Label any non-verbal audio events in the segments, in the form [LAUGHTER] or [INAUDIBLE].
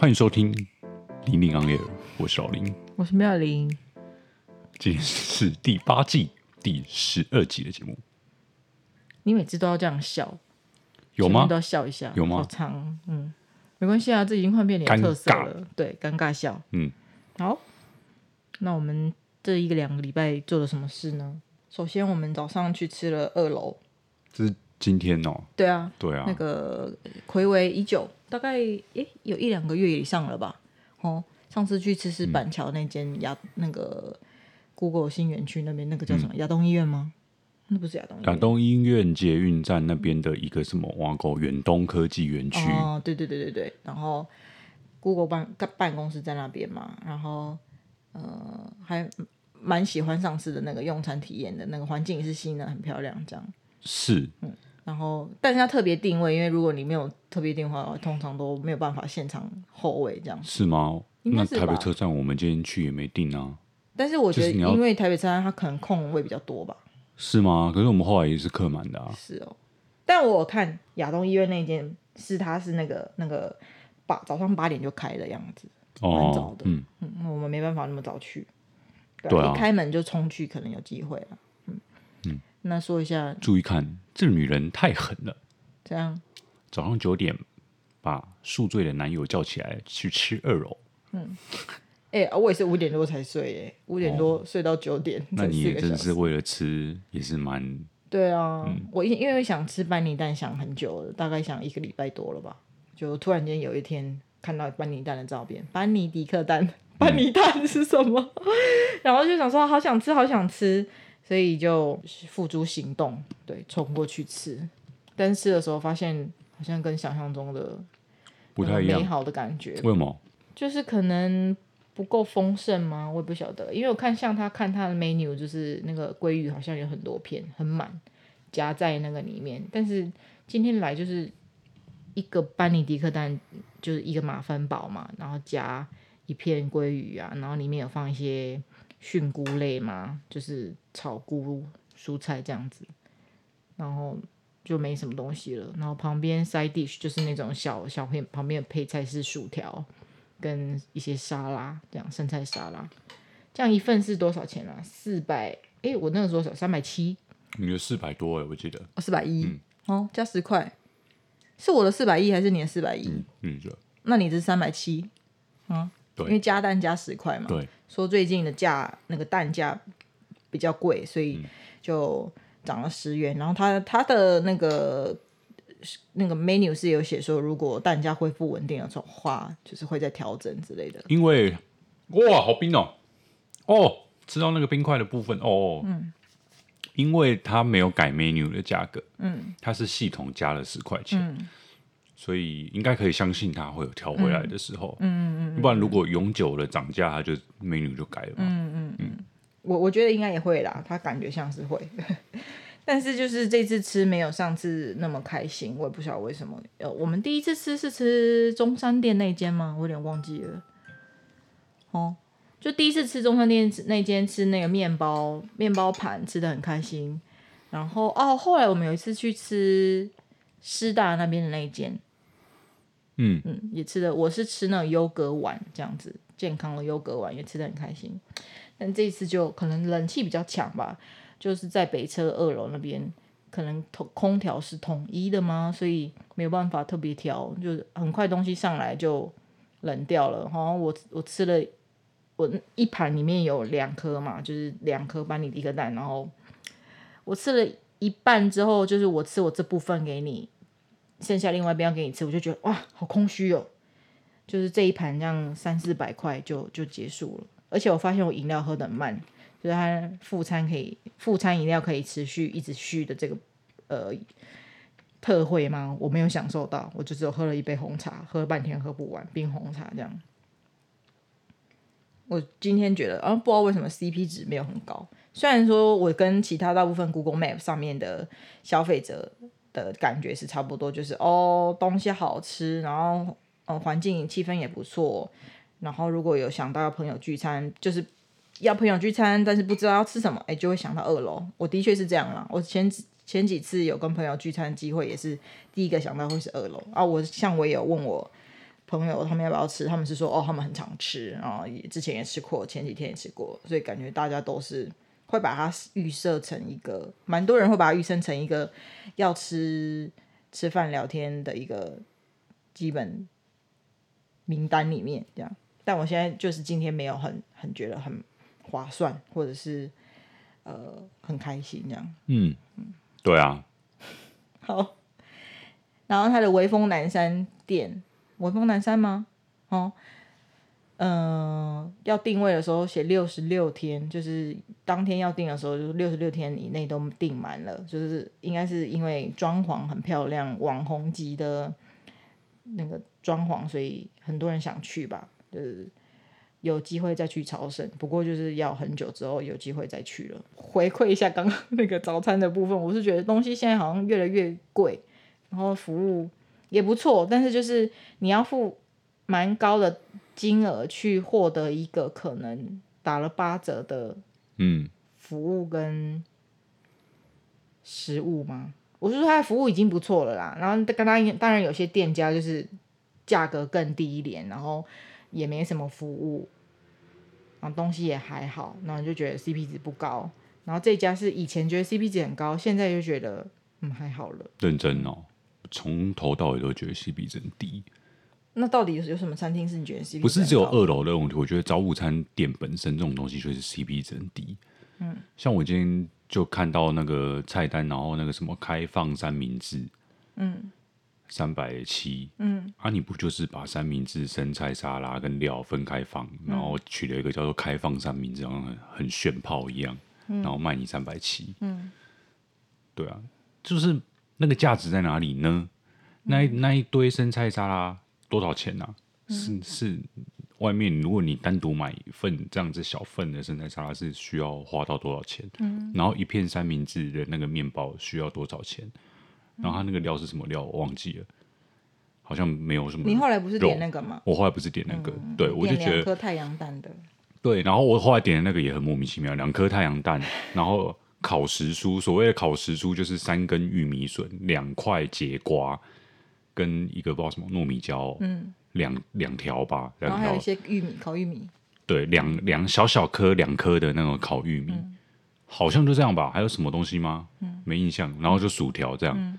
歡迎收聽《Linling On Air》，我是老林。我是妙玲，我是妙玲。今天是第八季第十二集的節目。你每次都要這樣笑，有嗎？都要笑一下，有嗎？好長，嗯，沒關係啊，這已經換變臉特色了。對，尷尬笑，嗯，好。那我們這一兩個兩個禮拜做了什麼事呢？首先，我們早上去吃了貳樓，這是今天哦。對啊，對啊，那個回味已久。大概誒有一兩個月以上了吧，哦，上次去吃吃板橋那間亞、嗯、那個 Google 新園區那邊那個叫什麼、嗯、亞東醫院嗎？那不是亞東醫院，亞東醫院捷運站那邊的一個什麼啊？叫、嗯、遠東科技園區。哦，對對對對對。然後 Google 辦辦公室在那邊嘛，然後呃還蠻喜歡上次的那個用餐體驗的，那個環境也是新的，很漂亮，這樣。是。嗯。然後，但是它特別定位，因為如果你沒有特別定位的話、哦，通常都沒有辦法現場候位這樣子。是嗎？是那台北車站我們今天去也沒定啊。但是我覺得，因為台北車站它可能空位比較多吧。就是、是嗎？可是我們後來也是客滿的啊。是哦，但我有看亞東醫院那間是它是那個那個八早上八點就開的樣子，哦、蠻早的。嗯嗯，我們沒辦法那麼早去，對、啊對啊，一開門就衝去，可能有機會了。那說一下，注意看，這女人太狠了。這樣。早上九點把宿醉的男友叫起來去吃二樓。嗯，哎、欸，我也是五點多才睡，哎，五點多睡到九點，哦。那你也真的是為了吃也是蠻……對啊，嗯，我因為想吃班尼蛋想很久了，大概想一個禮拜多了吧。就突然間有一天看到班尼蛋的照片，班尼迪克蛋，班尼蛋是什麼？嗯、 [LAUGHS] 然後就想說，好想吃，好想吃。所以就付諸行動，對，衝過去吃。但是吃的時候發現，好像跟想象中的不太一樣，美好的感覺。為什麼？就是可能不夠豐盛嗎？我也不曉得，因為我看像他看他的 menu，就是那個鮭魚好像有很多片，很滿夾在那個裡面。但是今天來就是一個班尼迪克蛋，就是一個馬芬堡嘛，然後夾一片鮭魚啊，然後裡面有放一些。菌菇類嘛，就是炒菇蔬菜這樣子，然後就沒什麼東西了。然後旁邊 side dish 就是那種小小片，旁邊的配菜是薯條跟一些沙拉，這樣生菜沙拉。這樣一份是多少錢啊？四百？哎，我那個時候想三百七。你就四百多哎，欸，我記得四百一，哦，加十塊，是我的四百一還是你的四百一？嗯，那你這是三百七，嗯。對，因為加蛋加十塊嘛，對，說最近的價那個蛋價比較貴，所以就漲了十元，嗯。然後它它的那個那個 menu 是有寫說，如果蛋價恢復穩定的時候，話就是會再調整之類的。因為哇，好冰哦！哦，吃到那個冰塊的部分哦。嗯，因為它沒有改 menu 的價格，嗯，它是系統加了十塊錢。嗯所以應該可以相信它會有調回來的時候，嗯嗯，嗯，嗯，不然如果永久的漲價，它就，嗯、美女就改了嘛，嗯嗯嗯，我我覺得應該也會啦，它感覺像是會呵呵，但是就是這次吃沒有上次那麼開心，我也不曉得為什麼。呃，我們第一次吃是吃中山店那間嗎？我有點忘記了，哦，就第一次吃中山店那間吃那個麵包麵包盤吃的很開心，然後哦，後來我們有一次去吃師大那邊的那間。嗯嗯，也吃的，我是吃那種優格碗這樣子，健康的優格碗也吃的很開心。但這一次就可能冷氣比較強吧，就是在北車貳樓那邊，可能統空調是統一的嘛，所以沒有辦法特別調，就很快東西上來就冷掉了。然後我我吃了我一盤裡面有兩顆嘛，就是兩顆班尼迪克蛋，然後我吃了一半之後，就是我吃我這部分給你。剩下另外一邊要給你吃，我就覺得哇，好空虛哦。就是這一盤這樣三四百塊就就結束了，而且我發現我飲料喝得慢，就是它副餐可以副餐飲料可以持續一直續的這個呃特惠嗎？我沒有享受到，我就只有喝了一杯紅茶，喝了半天喝不完冰紅茶這樣。我今天覺得啊，不知道為什麼 CP 值沒有很高，雖然說我跟其他大部分 Google Map 上面的消費者。感覺是差不多，就是哦，東西好吃，然後，呃，環境氣氛也不錯。然後如果有想到要朋友聚餐，就是要朋友聚餐，但是不知道要吃什麼，哎，就會想到貳樓。我的確是這樣啦。我前幾前幾次有跟朋友聚餐機會，也是第一個想到會是貳樓啊。我像我有問我朋友他們要不要吃，他們是說哦，他們很常吃，然後也之前也吃過，前幾天也吃過，所以感覺大家都是。會把它預設成一個，蠻多人會把它預設成一個要吃吃飯聊天的一個基本名單裡面這樣。但我現在就是今天沒有很很覺得很划算，或者是呃很開心這樣。嗯，對啊。 [LAUGHS] 好，然後他的微風南山店，微風南山嗎？哦。嗯、呃，要定位的時候寫六十六天，就是當天要訂的時候，就是六十六天以內都訂滿了，就是應該是因為裝潢很漂亮，網紅級的那個裝潢，所以很多人想去吧。就是有機會再去朝聖，不過就是要很久之後有機會再去了。回饋一下剛剛那個早餐的部分，我是覺得東西現在好像越來越貴，然後服務也不錯，但是就是你要付蠻高的。金額去獲得一個可能打了八折的服務跟食物嗎？嗯、我是說，他的服務已經不錯了啦。然後剛剛當然有些店家就是價格更低廉，然後也沒什麼服務，然後東西也還好，然後就覺得 CP 值不高。然後這家是以前覺得 CP 值很高，現在就覺得嗯還好了。認真哦，從頭到尾都覺得 CP 值很低。那到底有什麼餐廳是你覺得 CP 值高？不是只有二樓的問題。我覺得早午餐店本身這種東西就是 CP 值很低。像我今天就看到那個菜單，然後那個什麼開放三明治，嗯，三百七，嗯，啊，你不就是把三明治、生菜沙拉跟料分開放，然後取了一個叫做開放三明治，然後很，很炫炮一樣，然後賣你三百七，嗯，對啊，就是那個價值在哪裡呢？那那一堆生菜沙拉。多少錢呢？啊，嗯？是是，外面如果你單獨買一份這樣子小份的生菜沙拉，是需要花到多少錢，嗯？然後一片三明治的那個麵包需要多少錢？嗯，然後他那個料是什麼料？我忘記了，好像沒有什麼。你後來不是點那個嗎？我後來不是點那個，嗯，對，我就覺得兩顆太陽蛋的。對，然後我後來點的那個也很莫名其妙，兩顆太陽蛋， [LAUGHS] 然後烤時蔬。所謂的烤時蔬就是三根玉米筍，兩塊櫛瓜。跟一個不知道什麼糯米椒，嗯，兩兩條吧，然後、哦、還有一些玉米烤玉米，對，兩兩小小顆兩顆的那種烤玉米，嗯，好像就這樣吧，還有什麼東西嗎？嗯，沒印象。然後就薯條這樣，嗯，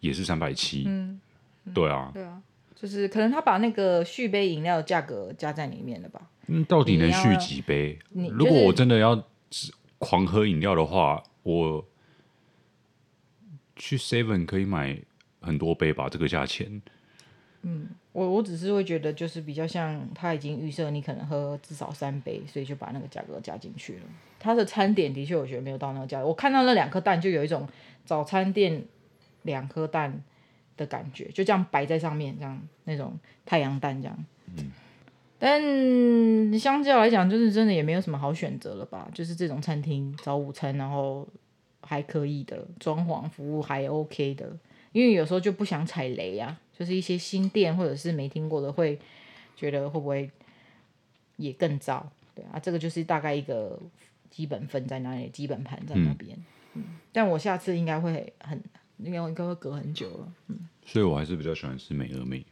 也是三百七，嗯，對啊，對啊，就是可能他把那個續杯飲料的價格加在裡面了吧？嗯，到底能續幾杯？如果我真的要狂喝飲料的話，就是、我去 seven 可以買，很多杯吧，這個價錢。嗯，我我只是會覺得，就是比較像他已經預設你可能喝至少三杯，所以就把那個價格加進去了。他的餐點的確我覺得沒有到那個價格，我看到那兩顆蛋就有一種早餐店兩顆蛋的感覺，就這樣擺在上面，這樣那種太陽蛋這樣。嗯。但相較來講，就是真的也沒有什麼好選擇了吧？就是這種餐廳早午餐，然後還可以的，裝潢服務還 OK 的。因為有時候就不想踩雷啊，就是一些新店或者是沒聽過的，會覺得會不會也更糟？對啊，這個就是大概一個基本分在那裡，基本盤在那邊。嗯嗯、但我下次應該會很，應該應該會隔很久了、嗯。所以我還是比較喜歡吃美而美。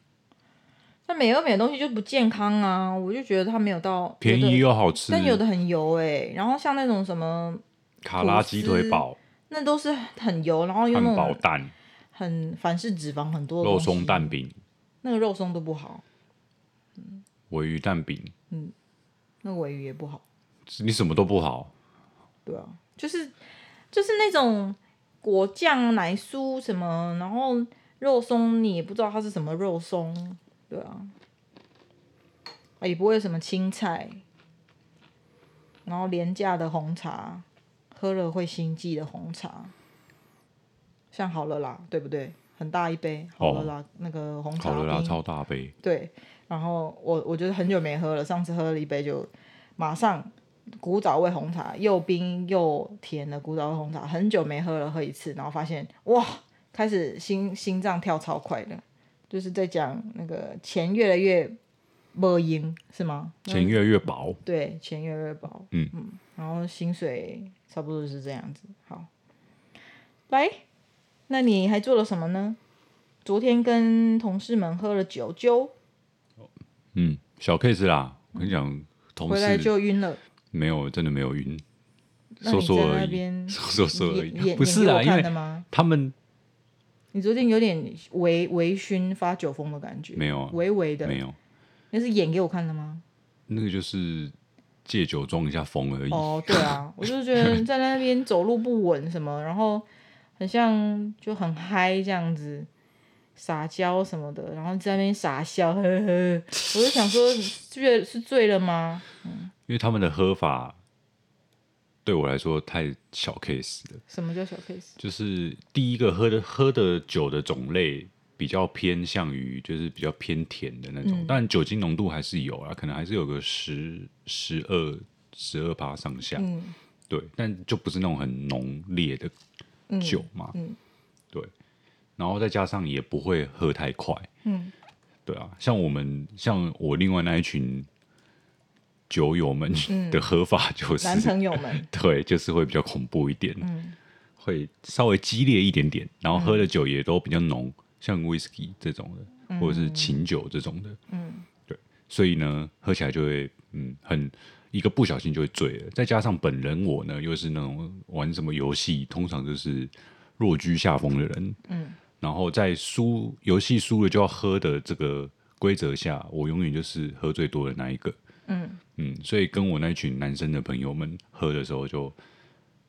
那美而美的東西就不健康啊，我就覺得它沒有到便宜又好吃，但有的很油哎、欸。然後像那種什麼卡拉雞腿堡，那都是很油，然後用很種蛋。很，凡是脂肪很多肉鬆蛋餅，那個肉鬆都不好。嗯，鮪魚蛋餅，嗯，那鮪魚也不好。你什麼都不好。對啊，就是就是那種果醬奶酥什麼，然後肉鬆你也不知道它是什麼肉鬆，對啊，也不會有什麼青菜，然後廉價的紅茶，喝了會心悸的紅茶。像好了啦，對不對？很大一杯，哦、好了啦，那個紅茶。好了啦，超大杯。對，然後我我覺得很久沒喝了，上次喝了一杯就馬上古早味紅茶，又冰又甜的古早味紅茶，很久沒喝了，喝一次，然後發現哇，開始心心臟跳超快的，就是在講那個錢越來越薄音，是嗎？錢越來越薄，對，錢越來越薄，嗯嗯，然後薪水差不多是這樣子，好，來。那你還做了什麼呢？昨天跟同事們喝了酒，酒？嗯，小 case 啦。我跟你講，同事回來就暈了，沒有真的沒有暈，那在那邊說，說說而已，說，說說而已。不是啊，因為他們你昨天有點微微醺，發酒瘋的感覺，沒有、啊、微微的沒有，那是演給我看的嗎？那個就是借酒裝一下瘋而已。哦，對啊，我就覺得在那邊走路不穩什麼， [LAUGHS] 然後。很像就很嗨這樣子，撒嬌什麼的，然後在那邊傻笑，呵呵。我就想說是，是醉了嗎？因為他們的喝法對我來說太小 case 了。什麼叫小 case？就是第一個喝的喝的酒的種類比較偏向於就是比較偏甜的那種，嗯，但酒精濃度還是有啊，可能還是有個十十二十二趴上下，嗯，對，但就不是那種很濃烈的。嗯、酒嘛，嗯，對，然後再加上也不會喝太快，嗯，對啊，像我們像我另外那一群酒友們的喝法就是男朋友們，嗯、 [LAUGHS] 對，就是會比較恐怖一點，嗯，會稍微激烈一點點，然後喝的酒也都比較濃，嗯，像 whisky 這種的，嗯，或者是琴酒這種的，嗯，對，所以呢，喝起來就會嗯很。一個不小心就會醉了，再加上本人我呢，又是那種玩什麼遊戲通常就是落居下風的人，嗯，然後在輸遊戲輸了就要喝的這個規則下，我永遠就是喝最多的那一個，嗯嗯，所以跟我那群男生的朋友們喝的時候就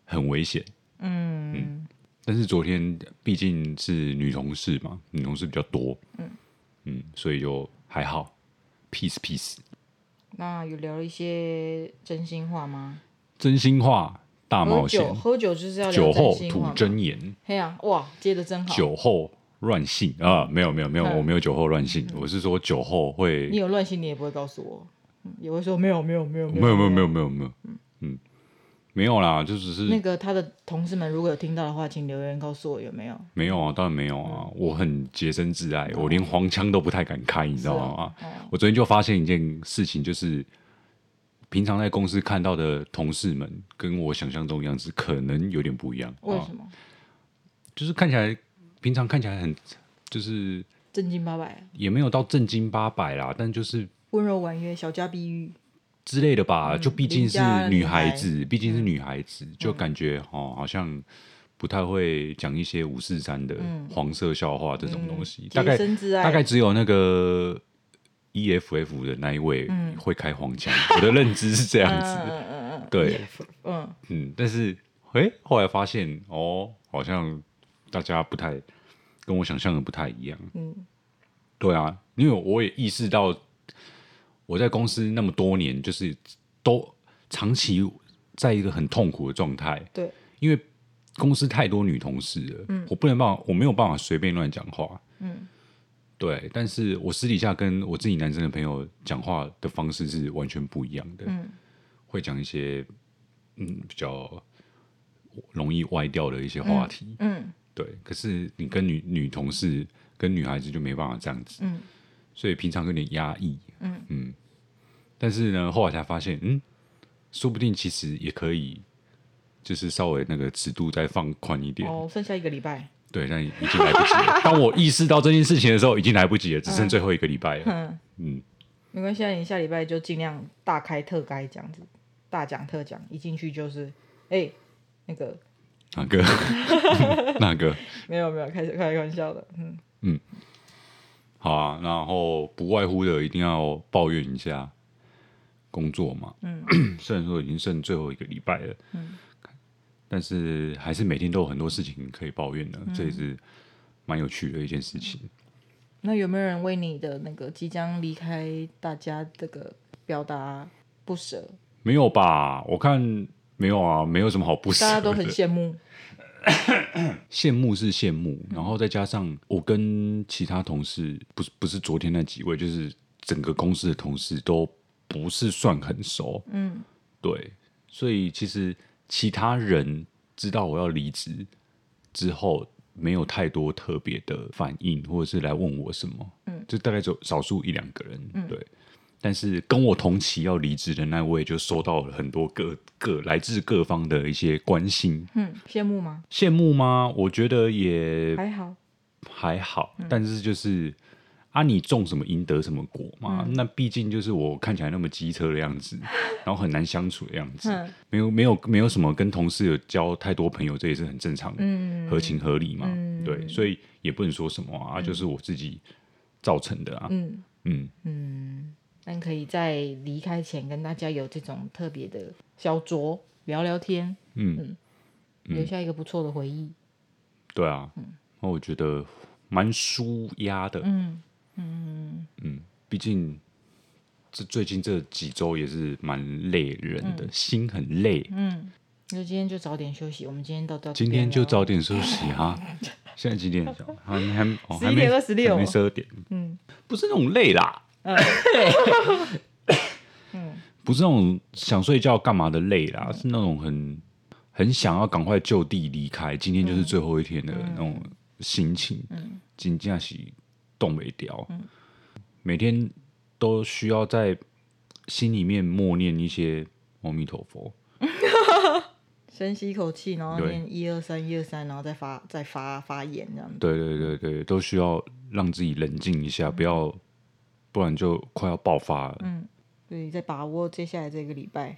很危險，嗯嗯，但是昨天畢竟是女同事嘛，女同事比較多，嗯嗯，所以就還好，peace peace。那有聊一些真心話嗎？真心話大冒險，喝酒就是要酒後吐真言、嘿啊。哇，接的真好。酒後亂性啊？沒有，沒有，沒有，我沒有酒後亂性、嗯。我是說酒後會，你有亂性你也不會告訴我，也會說沒有，沒有，沒有，沒有，沒有，沒有，沒有，沒有沒有嗯。沒有啦，就只是那個他的同事們如果有聽到的話，請留言告訴我有沒有。沒有啊，當然沒有啊，我很潔身自愛，我連黃腔都不太敢開，你知道嗎、啊？我昨天就發現一件事情，就是、嗯、平常在公司看到的同事們跟我想象中的樣子可能有點不一樣。為什麼？啊、就是看起來平常看起來很就是正經八百、啊，也沒有到正經八百啦，但就是溫柔婉約，小家碧玉。之類的吧，嗯、就畢竟是女孩子，畢竟是女孩子，就感覺、嗯、哦，好像不太會講一些五四三的、嗯、黃色笑話這種東西。嗯、大概大概只有那個 E F F 的那一位會開黃腔、嗯，我的認知是這樣子。嗯 [LAUGHS] 對，uh, 對 uh. 嗯，但是哎、欸，後來發現哦，好像大家不太跟我想象的不太一樣。嗯，對啊，因為我也意識到。我在公司那麼多年，就是都長期在一個很痛苦的狀態。對，因為公司太多女同事了，嗯、我不能辦法，我沒有辦法隨便亂講話、嗯，對。但是我私底下跟我自己男生的朋友講話的方式是完全不一樣的，嗯、會講一些嗯比較容易歪掉的一些話題、嗯嗯，對。可是你跟女女同事、跟女孩子就沒辦法這樣子，嗯、所以平常有點壓抑。嗯嗯，但是呢，後來才發現，嗯，說不定其實也可以，就是稍微那個尺度再放寬一點。哦，剩下一個禮拜。對，但已經來不及了。 [LAUGHS] 當我意識到這件事情的時候，已經來不及了，只剩最後一個禮拜了、啊。嗯，沒關係，那你下禮拜就盡量大開特開這樣子，大講特講，一進去就是，哎、欸，那個哪個那 [LAUGHS] [LAUGHS] [LAUGHS] 個？沒有沒有，開開玩笑的，嗯嗯。啊，然後不外乎的，一定要抱怨一下工作嘛。嗯， [COUGHS] 雖然說已經剩最後一個禮拜了，嗯，但是還是每天都有很多事情可以抱怨的，這、嗯、也是蠻有趣的一件事情、嗯。那有沒有人為你的那個即將離開大家這個表達不捨？沒有吧，我看沒有啊，沒有什麼好不捨，大家都很羨慕。 [LAUGHS] 羨 [COUGHS] 慕是羨慕，嗯，然後再加上我跟其他同事，不是不是昨天那幾位，就是整個公司的同事都不是算很熟。嗯，對，所以其實其他人知道我要離職之後，沒有太多特別的反應，或者是來問我什麼。嗯，就大概就少數一兩個人。嗯，對。但是跟我同期要離職的那位，就收到了很多各各來自各方的一些關心。嗯，羨慕嗎？羨慕嗎？我覺得也還好，還好。嗯、但是就是啊，你種什麼因得什麼果嘛、嗯。那畢竟就是我看起來那麼機車的樣子，嗯、然後很難相處的樣子，嗯、沒有沒有沒有什麼跟同事有交太多朋友，這也是很正常的，嗯，合情合理嘛。嗯、對，所以也不能說什麼啊，嗯、就是我自己造成的啊。嗯嗯嗯。嗯但可以在離開前跟大家有這種特別的小酌聊聊天，嗯嗯，留下一個不錯的回憶。嗯、對啊，那、嗯、我覺得蠻舒壓的，嗯嗯嗯畢竟這最近這幾週也是蠻累人的、嗯、心很累，嗯，那今天就早點休息。我們今天到到今天就早點休息哈、啊。 [LAUGHS] 現在幾點？還還十一點二十六，還沒十二、哦、點，嗯，不是那種累啦。 [LAUGHS] [LAUGHS] 不是那種想睡覺幹嘛的累啦，嗯、是那種很很想要趕快就地離開，今天就是最後一天的那種心情。嗯，今假期凍未條、嗯，每天都需要在心裡面默念一些阿彌陀佛，深 [LAUGHS] 吸一口氣，然後念一二三一二三，3, 然後再發再發發言這樣子。對對對對，都需要讓自己冷靜一下，嗯、不要。不然就快要爆發了。嗯，對，在把握接下來這個禮拜，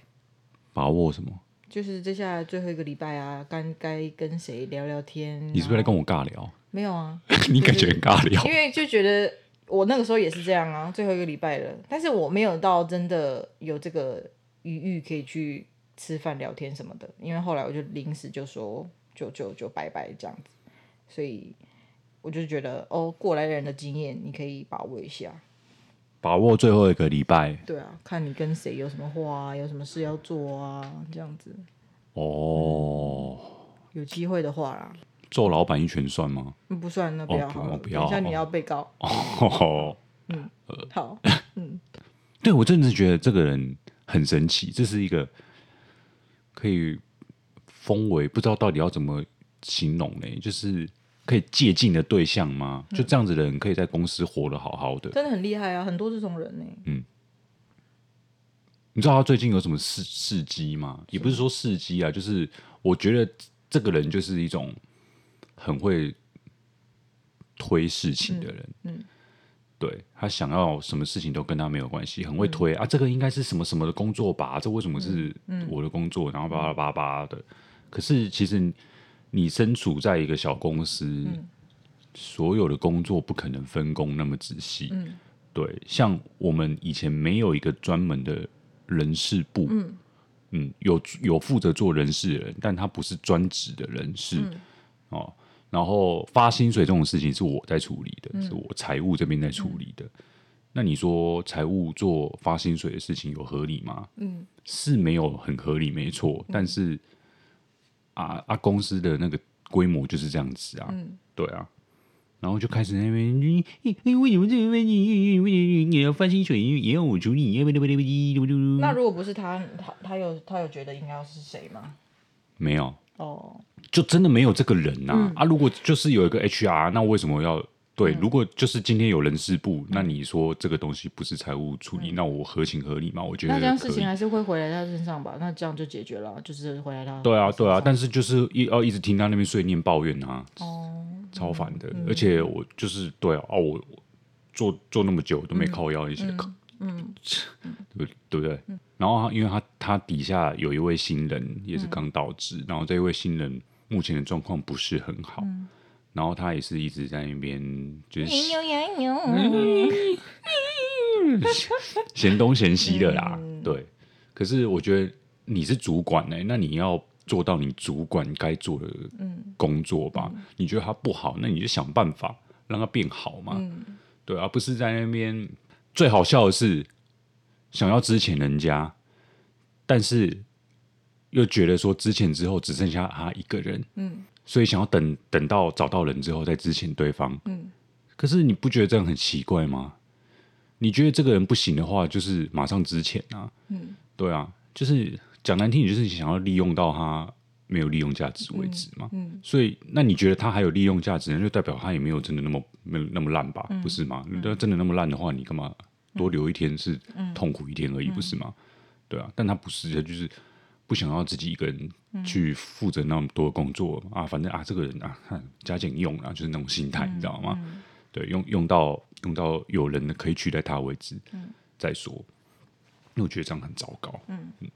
把握什麼？就是接下來最後一個禮拜啊，該該跟誰聊聊天啊。你是不是在跟我尬聊？沒有啊， [LAUGHS] 你感覺很尬聊。對對對，因為就覺得我那個時候也是這樣啊，最後一個禮拜了，但是我沒有到真的有這個餘裕可以去吃飯聊天什麼的，因為後來我就臨時就說就就就拜拜這樣子，所以我就覺得哦，過來人的經驗，你可以把握一下。把握最後一個禮拜，對啊，看你跟誰有什麼話、啊，有什麼事要做啊，這樣子。哦、oh. 嗯，有機會的話啦。揍老闆一拳算嗎？嗯？不算，那比較、okay, 好。不要，等一下你要被告。哦、oh. [LAUGHS] ，oh. 嗯，好，嗯、呃， [LAUGHS] [LAUGHS] 對，我真的是覺得這個人很神奇，這是一個可以封為不知道到底要怎麼形容呢，就是。可以借鑑的對象嗎、嗯？就這樣子的人，可以在公司活得好好的，真的很厲害啊！很多這種人呢、欸。嗯，你知道他最近有什麼事事蹟嗎？也不是說事蹟啊，就是我覺得這個人就是一種很會推事情的人。嗯，嗯，對他想要什麼事情都跟他沒有關係，很會推、嗯、啊。這個應該是什麼什麼的工作吧、嗯？這為什麼是我的工作？然後巴拉巴巴巴的、嗯。可是其實。你身處在一個小公司、嗯，所有的工作不可能分工那麼仔細、嗯。對，像我們以前沒有一個專門的人事部。嗯嗯，有有負責做人事的人，但他不是專職的人事、嗯、哦。然後發薪水這種事情是我在處理的，嗯、是我財務這邊在處理的。嗯、那你說財務做發薪水的事情有合理嗎？嗯，是沒有很合理，沒錯、嗯，但是。啊啊！公司的那個規模就是這樣子啊，嗯，對啊，然後就開始那邊你你為你們這邊你你你你要翻薪水，也也讓我處理，那如果不是他，他他有他有覺得應該要是誰嗎？沒有哦，oh. 就真的沒有這個人吶、啊嗯。啊，如果就是有一個 HR，那為什麼我要？對、嗯，如果就是今天有人事部、嗯，那你說這個東西不是財務處理，嗯、那我合情合理嗎？我覺得那這樣事情還是會回來他身上吧，那這樣就解決了，就是回來他。對啊，對啊，但是就是、嗯、一、哦、一直聽他那邊碎念抱怨啊、哦，超煩的、嗯。而且我就是對啊，哦、我，我，我做做那麼久都沒靠腰一些，嗯，嗯嗯 [LAUGHS] 對對不對、嗯？然後因為他他底下有一位新人，也是剛到職、嗯，然後這位新人目前的狀況不是很好。嗯然後他也是一直在那邊就是嫌、哎哎嗯、 [LAUGHS] 東嫌西的啦、嗯，對。可是我覺得你是主管呢、欸，那你要做到你主管該做的工作吧、嗯。你覺得他不好，那你就想辦法讓他變好嘛、嗯。對、啊，而不是在那邊。最好笑的是，想要資遣人家，但是又覺得說資遣之後只剩下他一個人。嗯。所以想要等等到找到人之後再資遣對方、嗯，可是你不覺得這樣很奇怪嗎？你覺得這個人不行的話，就是馬上資遣啊、嗯，對啊，就是講難聽，就是你想要利用到他沒有利用價值為止嘛，嗯嗯、所以那你覺得他還有利用價值呢，那就代表他也沒有真的那麼那麼爛吧、嗯，不是嗎？那真的那麼爛的話，你幹嘛多留一天是痛苦一天而已，不是嗎？對啊，但他不是的，就是。不想要自己一個人去負責那麼多工作、嗯、啊，反正啊，這個人啊，加減用啊，就是那種心態、嗯，你知道嗎？嗯、對，用用到用到有人可以取代他的為止、嗯，再說。因為我覺得這樣很糟糕。嗯。嗯，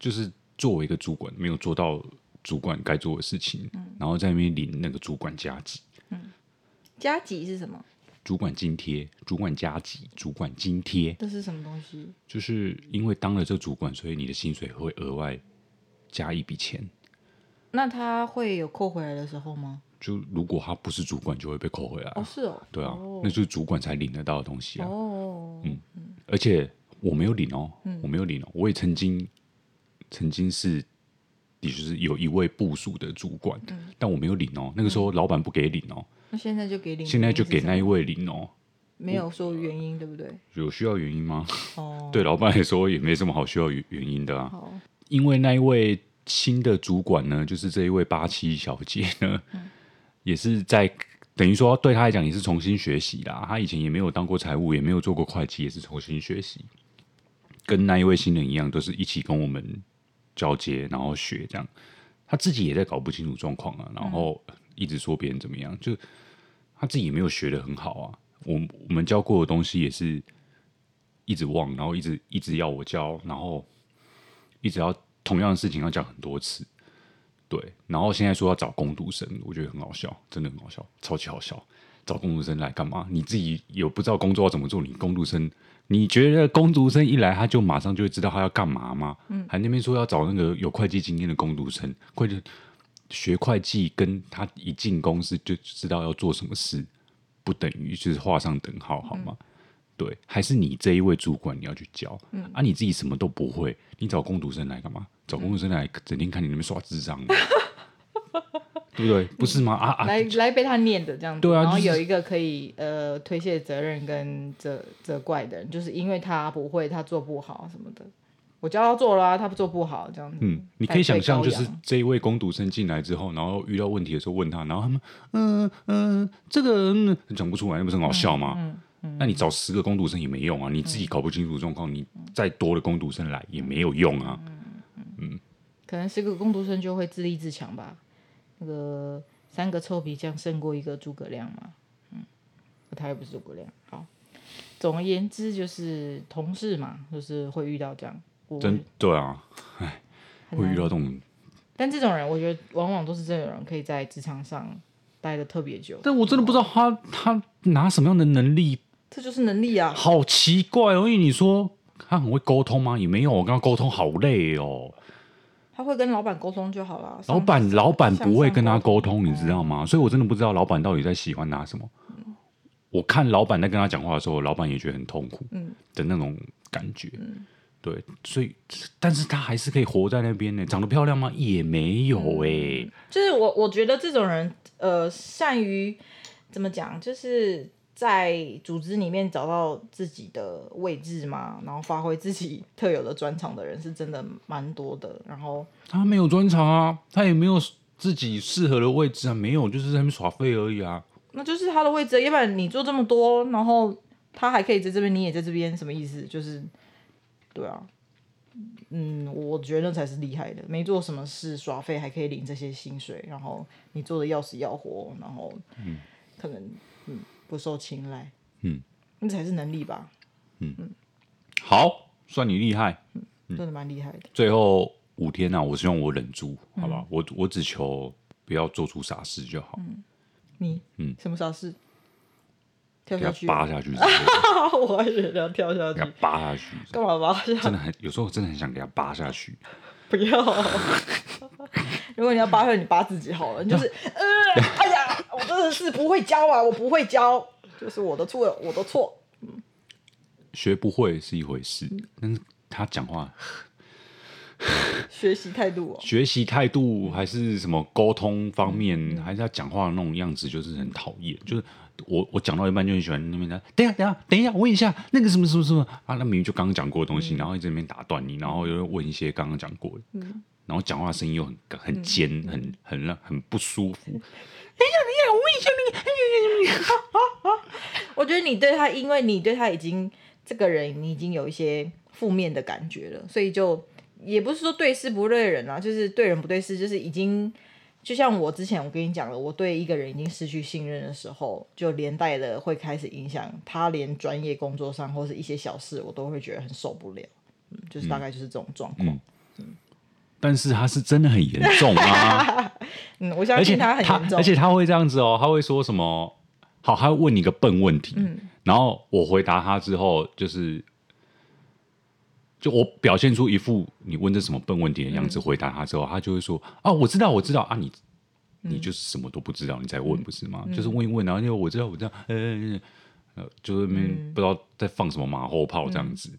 就是作為一個主管，沒有做到主管該做的事情，嗯、然後在那邊領那個主管加急。嗯，加急是什麼？主管津貼、主管加給，主管津貼，這是什麼東西？就是因為當了這個主管，所以你的薪水會額外加一筆錢。那他會有扣回來的時候嗎？就如果他不是主管，就會被扣回來了。哦，是哦，對啊、哦，那就是主管才領得到的東西啊。哦，嗯，而且我沒有領哦，嗯、我沒有領哦，我也曾經，曾經是也就是有一位部屬的主管，嗯、但我沒有領哦。那個時候老板不給領哦。現在就給領，現在就給那一位領哦，沒有說原因，對不對？有需要原因嗎？Oh. [LAUGHS] 對，老板來說也沒什麼好需要原原因的啊。Oh. 因為那一位新的主管呢，就是這一位八七小姐呢，嗯、也是在等於說對他來講也是重新學習啦、啊。他以前也沒有當過財務，也沒有做過會計，也是重新學習，跟那一位新人一樣，都、就是一起跟我們交接，然後學這樣。他自己也在搞不清楚狀況啊，然後一直說別人怎麼樣，就。嗯他自己也沒有學得很好啊，我我們教過的東西也是一直忘，然後一直一直要我教，然後一直要同樣的事情要講很多次，對，然後現在說要找工讀生，我覺得很好笑，真的很好笑，超級好笑，找工讀生來幹嘛？你自己也不知道工作要怎麼做，你工讀生，你覺得工讀生一來他就馬上就會知道他要幹嘛嗎？嗯，還那邊說要找那個有會計經驗的工讀生，會計。學會計跟他一進公司就知道要做什麼事，不等於就是畫上等號，好嗎、嗯？對，還是你這一位主管你要去教、嗯、啊？你自己什麼都不會，你找工讀生來幹嘛？找工讀生來整天看你那邊刷智障，嗯、 [LAUGHS] 對不對？不是嗎？啊啊！來啊來，被他念的這樣子，對啊就是、然後有一個可以呃推卸責任跟責責怪的人，就是因為他不會，他做不好什麼的。我教他做了，啊，他不做不好這樣子。嗯，你可以想象，就是這一位工讀生進來之後，然後遇到問題的時候問他，然後他們嗯嗯、呃呃，這個講、嗯、不出來，那不是很好笑嗎？嗯，嗯，嗯。那你找十個工讀生也沒用啊，你自己搞不清楚狀況，你再多的工讀生來、嗯、也沒有用啊。嗯，嗯，嗯，嗯。可能十個工讀生就會自立自強吧。那個三個臭皮匠勝過一個諸葛亮嘛。嗯。他又不是諸葛亮。好，總而言之就是同事嘛，就是會遇到這樣。真對啊，哎，會遇到這種，但這種人，我覺得往往都是這種人可以在職場上待得特別久。但我真的不知道他、哦、他拿什麼樣的能力，這就是能力啊，好奇怪哦。因為你說他很會溝通嗎？也沒有，我跟他溝通好累哦。他會跟老闆溝通就好了。老闆，老闆不會跟他溝通，通，你知道嗎、嗯？所以我真的不知道老闆到底在喜歡拿什麼。嗯、我看老闆在跟他講話的時候，老闆也覺得很痛苦，嗯的那種感覺，嗯嗯對，所以，但是他還是可以活在那邊呢、欸。長得漂亮嗎？也沒有誒、欸嗯。就是我，我覺得這種人，呃，善於怎麼講，就是在組織裡面找到自己的位置嘛，然後發揮自己特有的專長的人，是真的蠻多的。然後他沒有專長啊，他也沒有自己適合的位置啊，沒有，就是在那邊耍廢而已啊。那就是他的位置、啊，要不然你做這麼多，然後他還可以在這邊，你也在這邊，什麼意思？就是。對啊，嗯，我覺得那才是厲害的，沒做什麼事耍廢還可以領這些薪水，然後你做的要死要活，然後，可能嗯，嗯，不受青睞，嗯，那才是能力吧，嗯嗯，好，算你厲害，嗯，真的蠻厲害的。最後五天啊，我希望我忍住，好吧，嗯、我我只求不要做出傻事就好。嗯、你，嗯，什麼傻事？給他扒下去！下去是是啊、我也要跳下去。給他扒下，下去！幹嘛扒下去？真的很，有時候真的很想給他扒下去。 [LAUGHS] 不要！ [LAUGHS] 如果你要扒下去，你扒自己好了。你就是、呃……哎呀，我真的是不會教啊，我不會教，就是我的錯，我的錯。學不會是一回事，嗯、但是他講話，學習態度、哦，學習態度還是什麼溝通方面，嗯、還是他講話的那種樣子就，就是很討厭，就是。我我講到一半就很喜歡那邊的，等一下等一下等一下，我問一下那個什麼什麼什麼啊，那明明就剛剛講過的東西，嗯、然後一直在那邊打斷你，然後又問一些剛剛講過的，嗯、然後講話的聲音又很很尖，很、嗯、很讓很，很不舒服。等一下等一下，我問一下你，等一下等一下，我覺得你對他，因為你對他已經這個人，你已經有一些負面的感覺了，所以就也不是說對事不對人啊，就是對人不對事，就是已經。就像我之前我跟你講了，我對一個人已經失去信任的時候，就連帶的會開始影響他，連專業工作上或是一些小事，我都會覺得很受不了。嗯，就是大概就是這種狀況。嗯，嗯，但是他是真的很嚴重啊 [LAUGHS] 嗯，我相信他很嚴重。而，而且他會這樣子哦，他會說什麼？好，他會問你一個笨問題，嗯，然後我回答他之後，就是。就我表現出一副你問這什麼笨問題的樣子，回答他之後、嗯，他就會說：“啊，我知道，我知道啊你、嗯，你你就是什麼都不知道，你在問不是嗎？嗯、就是問一問，然後因為我，我知道，我知道，嗯，嗯，就是不知道在放什麼馬後炮這樣子，嗯、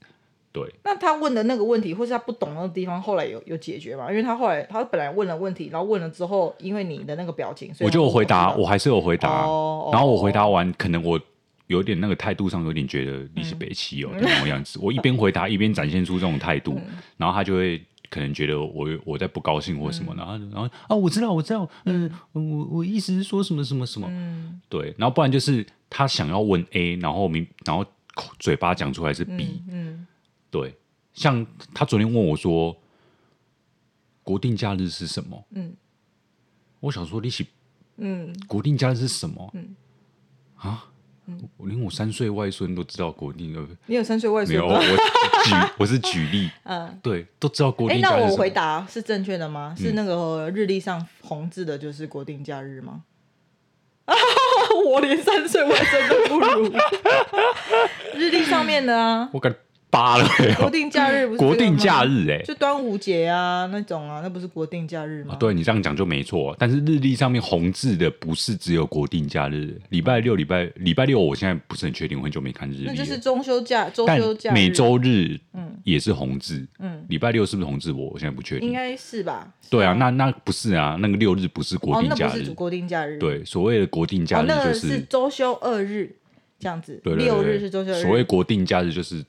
對。”那他問的那個問題，或是他不懂那個地方，後來有有解決嗎？因為他後來他本來問了問題，然後問了之後，因為你的那個表情，所以我就有回答，我還是有回答，哦、然後我回答完，哦、可能我。有點那個態度上，有點覺得你是北七哦，那種樣子。嗯嗯、我一邊回答一邊展現出這種態度、嗯，然後他就會可能覺得我我在不高興或什麼，嗯、然後然後啊，我知道我知道，嗯，我我意思是說什麼什麼什麼、嗯，對。然後不然就是他想要問 A，然後明然後口嘴巴講出來是 B、嗯嗯、對。像他昨天問我說，國定假日是什麼，嗯、我想說你是嗯，國定假日是什麼，嗯，啊。我、嗯、連我三歲外孫都知道國定日，你有三歲外孫沒有？我舉，我是舉例， [LAUGHS] 嗯，對，都知道國定假日，欸。那我回答是正確的嗎？是那個日曆上紅字的，就是國定假日嗎？嗯、 [LAUGHS] 我連三歲外孫都不如 [LAUGHS] [LAUGHS] [LAUGHS] 日曆上面的啊，八了，國定假日不是國定假日哎、欸，就端午節啊那種啊，那不是國定假日嗎？哦、對你這樣講就沒錯、啊，但是日曆上面紅字的不是只有國定假日，禮拜六、禮拜禮拜六，我現在不是很確定，我很久沒看日曆。那就是中秋假、中秋假，每周日嗯也是紅字，嗯，禮拜六是不是紅字？我我現在不確定，應該是吧？對啊，那那不是啊，那個六日不是國定假日，國定假日。對，所謂的國定假日就是周休二日這樣子，六日是周休。所謂國定假日就是。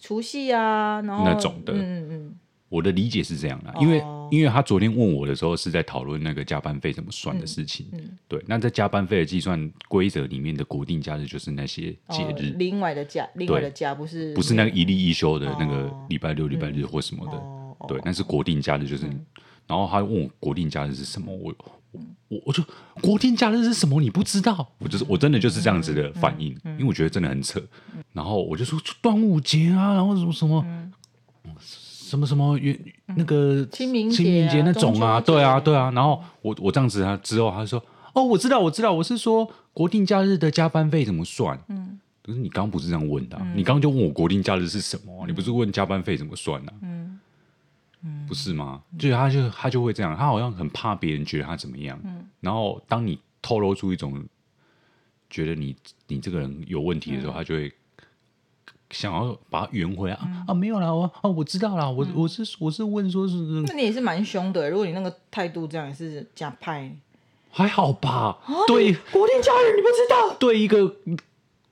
除夕啊，然後那種的，嗯嗯，我的理解是這樣的、啊哦，因為因為他昨天問我的時候是在討論那個加班費怎麼算的事情、嗯嗯，對，那在加班費的計算規則裡面的國定假日就是那些節日，哦、另外的假，另外的假不是不是那個一例一休的那個禮拜六、嗯嗯、禮拜六、禮拜日或什麼的、嗯，對，那是國定假日，就是、嗯，然後他問我國定假日是什麼，我、嗯、我我我就國定假日是什麼？你不知道？我就是、嗯、我真的就是這樣子的反應，嗯嗯嗯嗯、因為我覺得真的很扯。然後我就說端午節啊，然後什麼什麼，嗯哦、什麼什麼元、嗯、那個清明節、啊、清明節那種啊，對啊對啊。然後我我這樣子他、啊、之後他就說，他說哦，我知道我知道，我是說國定假日的加班費怎麼算？嗯，可是你剛剛不是這樣問的、啊嗯，你剛剛就問我國定假日是什麼、啊嗯，你不是問加班費怎麼算的、啊、嗯，嗯不是嗎？就是他就他就會這樣，他好像很怕別人覺得他怎麼樣。嗯，然後當你透露出一種覺得你你這個人有問題的時候，嗯、他就會。想要把它圓回來啊？嗯、啊沒有啦我，啊，我知道啦。我，嗯、我是我是問說是，那你也是蠻兇的、欸，如果你那個態度這樣也是假派，還好吧？對國定假日你不知道？對一個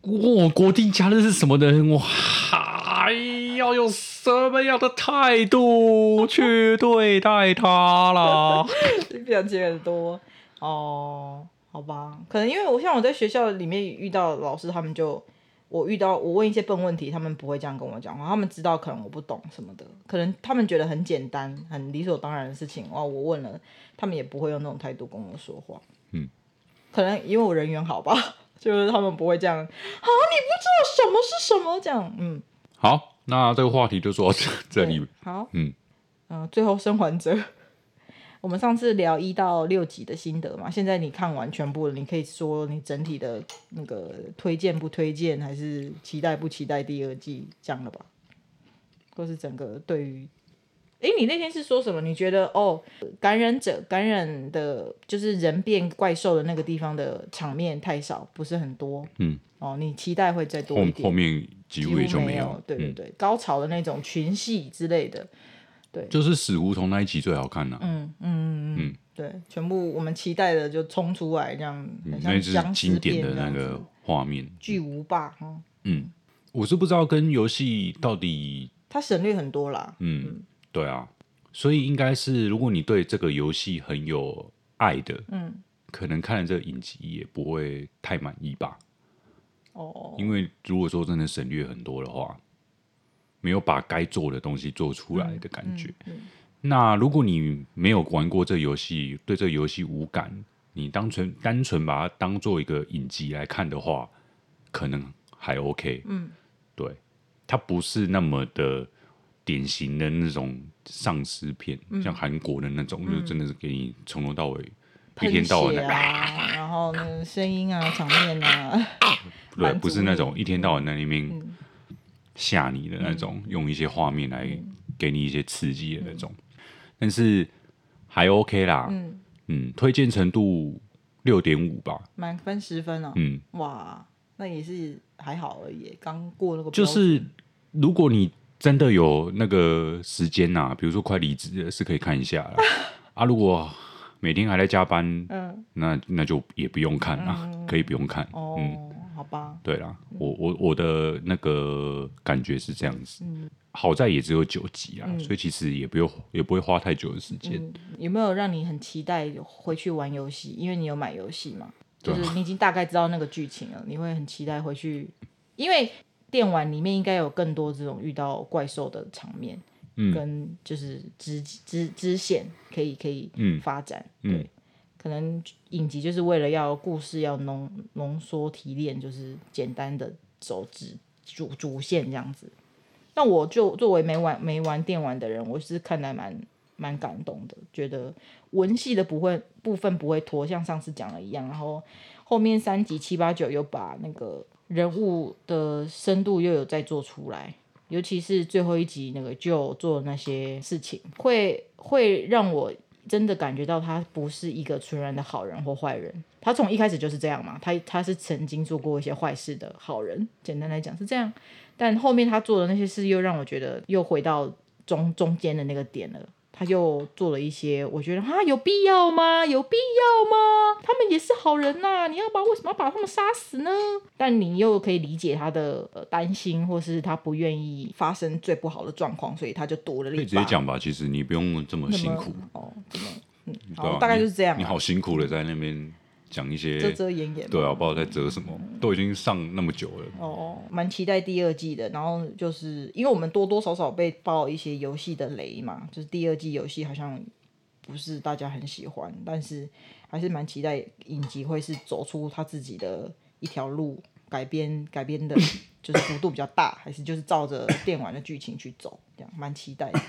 我國定假日是什麼的人，我還要用什麼樣的態度去對待他啦。你 [LAUGHS] 表情很多哦，呃，好吧？可能因為我像我在學校裡面遇到老師，他們就。我遇到我問一些笨問題，他們不會這樣跟我講話。他們知道可能我不懂什麼的，可能他們覺得很簡單、很理所當然的事情。哇，我問了，他們也不會用那種態度跟我說話。嗯，可能因為我人緣好吧，就是他們不會這樣。啊，你不知道什麼是什麼，這樣。嗯，好，那這個話題就說到這裡。 [LAUGHS] 好。嗯。嗯、啊，最後生還者。我們上次聊一到六集的心得嘛，現在你看完全部了，你可以說你整體的那個推薦不推薦，還是期待不期待第二季這樣了吧？或是整個對於……誒，你那天是說什麼？你覺得哦，感染者感染的，就是人變怪獸的那個地方的場面太少，不是很多？嗯，哦，你期待會再多一點？後面幾乎就沒有，沒有對對對，嗯，高潮的那種群戲之類的。就是死胡同那一集最好看了啊。嗯嗯嗯嗯，對，全部我們期待的就衝出來這樣，那那是經典的那個畫面。巨無霸嗯，嗯，嗯，嗯，我是不知道跟遊戲到底它省略很多啦。嗯，嗯對啊，所以應該是如果你對這個遊戲很有愛的，嗯，可能看了這個影集也不會太滿意吧。哦，因為如果說真的省略很多的話。沒有把該做的東西做出來的感覺。嗯嗯嗯、那如果你沒有玩過這遊戲，對這遊戲無感，你單純單純把它當做一個影集來看的話，可能還 OK。嗯，對，它不是那麼的典型的那種喪屍片、嗯，像韓國的那種、嗯，就真的是給你從頭到尾，啊、一天到晚的、啊啊，然後聲音啊，啊，場面啊，啊 [LAUGHS] 對，不是那種一天到晚那裡面、嗯。嗯嚇你的那種，嗯、用一些畫面來給你一些刺激的那種，嗯、但是還 OK 啦，嗯，嗯，推薦程度六點五吧，滿分十分哦、啊，嗯，哇，那也是還好而已，剛過那個，就是如果你真的有那個時間吶、啊，比如說快離職，是可以看一下 [LAUGHS] 啊。如果每天還在加班，嗯，那那就也不用看了、嗯，可以不用看，哦、嗯。對啦，嗯、我我我的那個感覺是這樣子，好在也只有九集啊，嗯、所以其實也不用也不會花太久的時間、嗯。有沒有讓你很期待回去玩遊戲？因為你有買遊戲嘛、啊，就是你已經大概知道那個劇情了，你會很期待回去，因為電玩裡面應該有更多這種遇到怪獸的場面，嗯，跟就是支支支線可以可以發展，嗯、對。嗯可能影集就是為了要故事要濃濃縮提煉，就是簡單的走主主主線這樣子。那我就作為沒玩沒玩電玩的人，我是看來蠻蠻感動的，覺得文戲的不會部分不會拖，像上次講了一樣，然後後面三集七八九又把那個人物的深度又有再做出來，尤其是最後一集那個就做那些事情，會會讓我。真的感覺到他不是一個純然的好人或壞人，他從一開始就是這樣嘛，他他是曾經做過一些壞事的好人，簡單來講是這樣，但後面他做的那些事又讓我覺得又回到中中間的那個點了。他又做了一些，我覺得哈、啊，有必要嗎？有必要嗎？他們也是好人吶、啊，你要把為什麼要把他們殺死呢？但你又可以理解他的、呃、擔心，或是他不願意發生最不好的狀況，所以他就躲了一些，直接講吧，其實你不用這麼辛苦麼哦，真、嗯、好，好，大概就是這樣。你好辛苦了，在那邊。講一些遮遮掩掩，對啊，我不知道在遮什麼，都已經上那麼久了。嗯、哦，蠻期待第二季的。然後就是因為我們多多少少被爆一些遊戲的雷嘛，就是第二季遊戲好像不是大家很喜歡，但是還是蠻期待影集會是走出他自己的一條路，改編改編的，就是幅度比較大，還是就是照着電玩的劇情去走，這樣蠻期待的。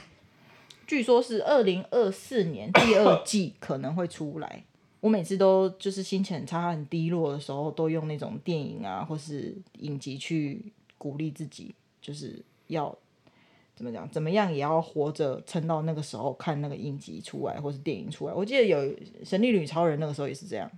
據說是二零二四年第二季可能會出來。我每次都就是心情很差、很低落的時候，都用那種電影啊，或是影集去鼓勵自己，就是要怎麼講，怎麼樣也要活着撐到那個時候看那個影集出來，或是電影出來。我記得有《神力女超人》那個時候也是這樣，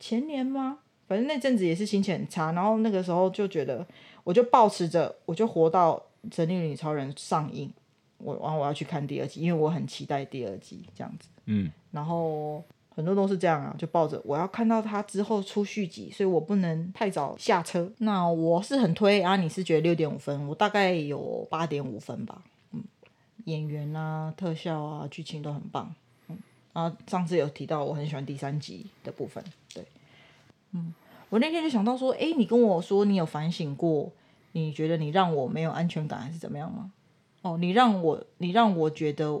前年嗎？反正那陣子也是心情很差，然後那個時候就覺得，我就抱持著，我就活到《神力女超人》上映，我完、啊、我要去看第二集，因為我很期待第二集這樣子。嗯，然後。很多都是這樣啊，就抱着我要看到他之後出續集，所以我不能太早下車。下車。那我是很推啊，你是覺得六點五分，我大概有八點五分吧。嗯，演員啊、特效啊、劇情都很棒。嗯，啊，上次有提到我很喜歡第三集的部分。對，嗯，我那天就想到說，哎、欸，你跟我說你有反省過，你覺得你讓我沒有安全感還是怎麼樣嗎？哦，你讓我，你讓我覺得，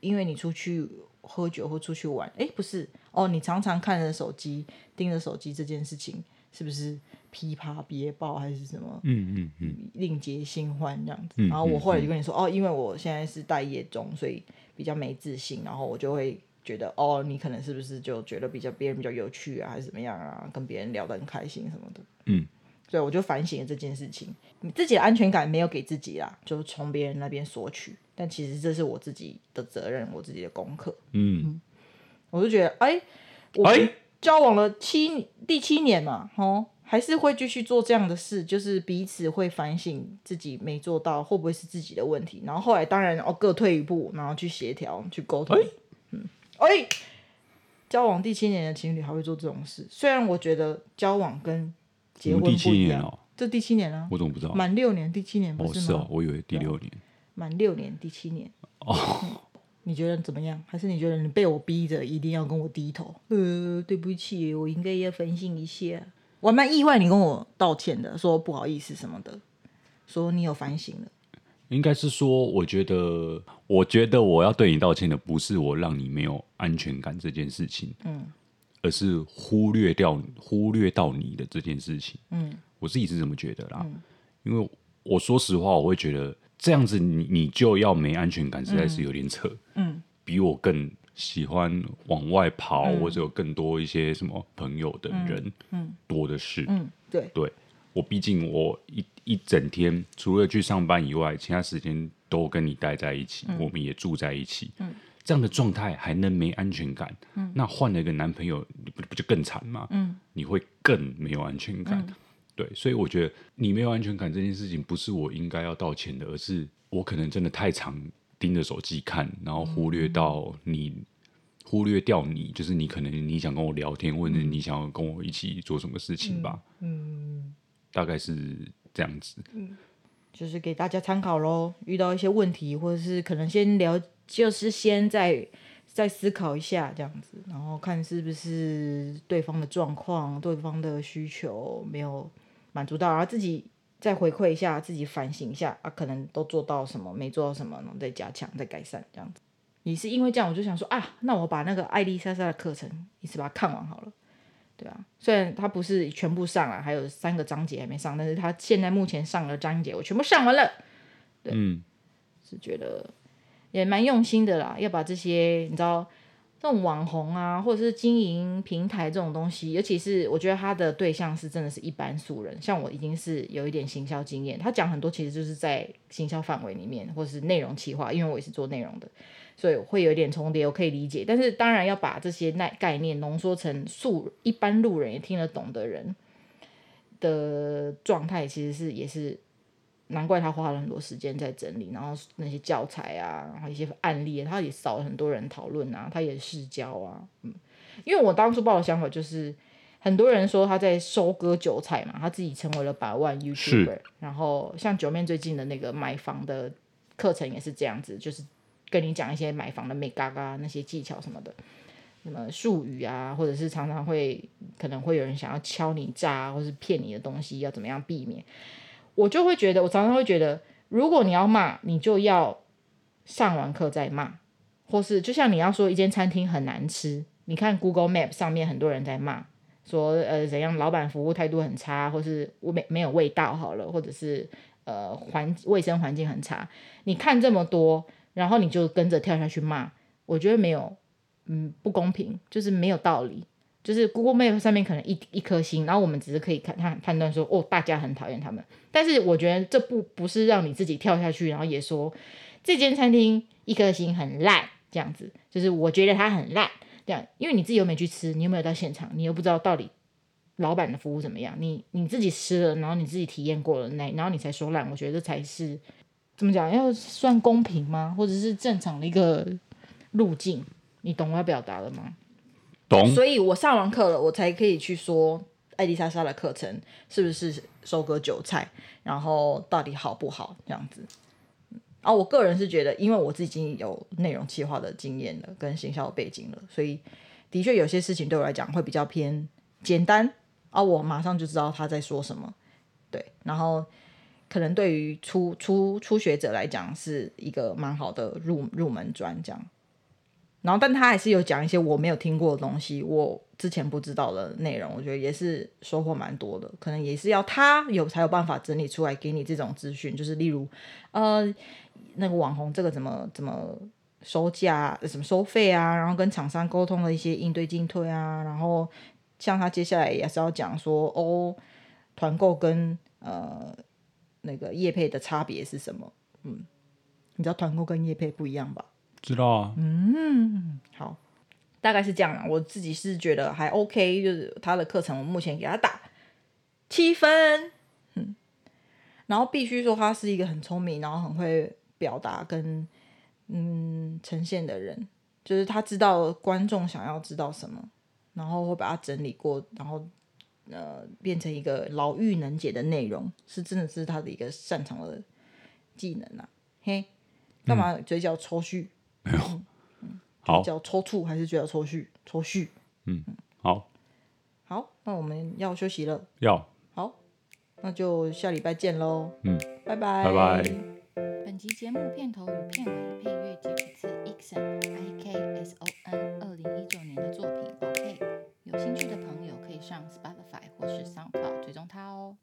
因為你出去喝酒或出去玩，哎，不是哦，你常常看着手機，盯着手機這件事情，是不是琵琶別抱還是什麼？嗯嗯嗯，另結新歡這樣子。然後我後來就跟你說，嗯嗯嗯、哦，因為我現在是待業中，所以比較沒自信，然後我就會覺得，哦，你可能是不是就覺得比較別人比較有趣啊，還是怎麼樣啊，跟別人聊得很開心什麼的。嗯。對，我就反省了這件事情，你自己的安全感沒有給自己啦，就從別人那邊索取。但其實這是我自己的責任，我自己的功課，嗯。嗯，我就覺得，哎，欸，我們交往了七、欸、第七年嘛，齁，還是會繼續做這樣的事，就是彼此會反省自己沒做到，會不會是自己的問題。然後後來，當然哦，各退一步，然後去協調、去溝通，欸。嗯，哎，欸，交往第七年的情侶還會做這種事，雖然我覺得交往跟。結婚我第七年哦、喔，這第七年了、啊，我怎麼不知道？滿六年，第七年不是嗎哦，oh, 是哦、啊，我以為第六年。滿六年，第七年哦、oh. 嗯，你覺得怎麼樣？還是你覺得你被我逼着一定要跟我低頭？呃，對不起，我應該要反省一下。我蠻意外你跟我道歉的，說不好意思什麼的，說你有反省了。應該是說，我覺得，我覺得我要對你道歉的，不是我讓你沒有安全感這件事情。嗯。而是忽略掉忽略到你的這件事情，嗯，我自己是這麼覺得啦。嗯、因為我說實話，我會覺得這樣子你你就要沒安全感、嗯，實在是有點扯。嗯，比我更喜歡往外跑，嗯、或者有更多一些什麼朋友的人，嗯，多的是。嗯，嗯嗯對，對我畢竟我一一整天除了去上班以外，其他時間都跟你待在一起、嗯，我們也住在一起。嗯。嗯這樣的狀態還能沒安全感？嗯，那換了一個男朋友，不不就更慘嗎？嗯，你會更沒有安全感，嗯。對，所以我覺得你沒有安全感這件事情，不是我應該要道歉的，而是我可能真的太常盯着手機看，然後忽略到你，嗯，忽略掉你，就是你可能你想跟我聊天，或者你想要跟我一起做什麼事情吧。嗯，嗯，大概是這樣子。嗯，就是給大家參考咯。遇到一些問題，或者是可能先聊。就是先再再思考一下這樣子，然後看是不是對方的狀況、對方的需求沒有滿足到，然後自己再回饋一下，自己反省一下啊，可能都做到什麼，沒做到什麼，然後再加強、再改善這樣子。也是因為這樣，我就想說啊，那我把那個愛莉莎莎的課程一次把它看完好了，對啊，雖然他不是全部上了，還有三個章節還沒上，但是他現在目前上了章節我全部上完了，對，嗯、是覺得。也蠻用心的啦，要把這些你知道這種網紅啊，或者是經營平台這種東西，尤其是我覺得他的對象是真的是一般素人。像我已經是有一點行銷經驗，他講很多其實就是在行銷範圍裡面，或是內容企劃，因為我也是做內容的，所以我會有一點重疊，我可以理解。但是當然要把這些那概念濃縮成素一般路人也聽得懂的人的狀態，其實是也是。難怪他花了很多時間在整理，然後那些教材啊，然後一些案例，他也少了很多人討論啊，他也是教啊，嗯，因為我當初抱的想法就是，很多人說他在收割韭菜嘛，他自己成為了百萬 YouTuber，然後像 Joeman 最近的那個買房的課程也是這樣子，就是跟你講一些買房的美嘎嘎那些技巧什麼的，什麼術語啊，或者是常常會可能會有人想要敲你詐，或者是騙你的東西，要怎麼樣避免？我就會覺得，我常常會覺得，如果你要罵，你就要上完課再罵，或是就像你要說一間餐廳很難吃，你看 Google Map 上面很多人在罵，說呃怎樣，老闆服務態度很差，或是我沒沒有味道好了，或者是呃環衛生環境很差，你看這麼多，然後你就跟着跳下去罵，我覺得沒有，嗯，不公平，就是沒有道理。就是 Google Map 上面，可能一一顆星，然後我們只是可以看他判斷說，哦，大家很討厭他們。但是我覺得這不不是讓你自己跳下去，然後也說這間餐廳一顆星很爛這樣子。就是我覺得它很爛這樣，因為你自己又沒去吃，你又沒有到現場，你又不知道到底老闆的服務怎麼樣。你你自己吃了，然後你自己體驗過了，那然後你才說爛，我覺得這才是怎麼講，要算公平嗎？或者是正常的一個路徑？你懂我要表達的嗎？所以，我上完課了，我才可以去說愛莉莎莎的課程是不是收割韭菜，然後到底好不好這樣子。嗯，啊，我個人是覺得，因為我自己已經有內容企劃的經驗了，跟行銷的背景了，所以的確有些事情對我來講會比較偏簡單啊，我馬上就知道他在說什麼。對，然後可能對於初初初學者來講，是一個蠻好的入入門磚這樣。然後，但他還是有講一些我沒有聽過的東西，我之前不知道的內容，我覺得也是收穫蠻多的。可能也是要他有才有辦法整理出來給你這種資訊，就是例如，呃，那個網紅這個怎麼怎麼收價，什麼收費啊，然後跟廠商溝通的一些應對進退啊，然後像他接下來也是要講說哦，團購跟呃那個業配的差別是什麼？嗯，你知道團購跟業配不一樣吧？知道啊，嗯，好，大概是這樣。我自己是覺得還 OK，就是他的課程，我目前給他打七分，嗯。然後必須說，他是一個很聰明，然後很會表達跟嗯呈現的人，就是他知道觀眾想要知道什麼，然後會把它整理過，然後呃變成一個老嫗能解的內容，是真的是他的一個擅長的技能啊。嘿，干嘛嘴角抽搐？嗯嗯 [LAUGHS] 沒有，好， [LAUGHS] 叫抽搐還是叫抽蓄？抽蓄、嗯。嗯，好，好，那我們要休息了。要。好，那就下禮拜見嘍。嗯，拜拜。拜拜。本集節目片頭與片尾配樂皆出自 Ikson，I K S O N，二零一九年的作品 OK。OK，有興趣的朋友可以上 Spotify 或是 SoundCloud 追蹤他哦。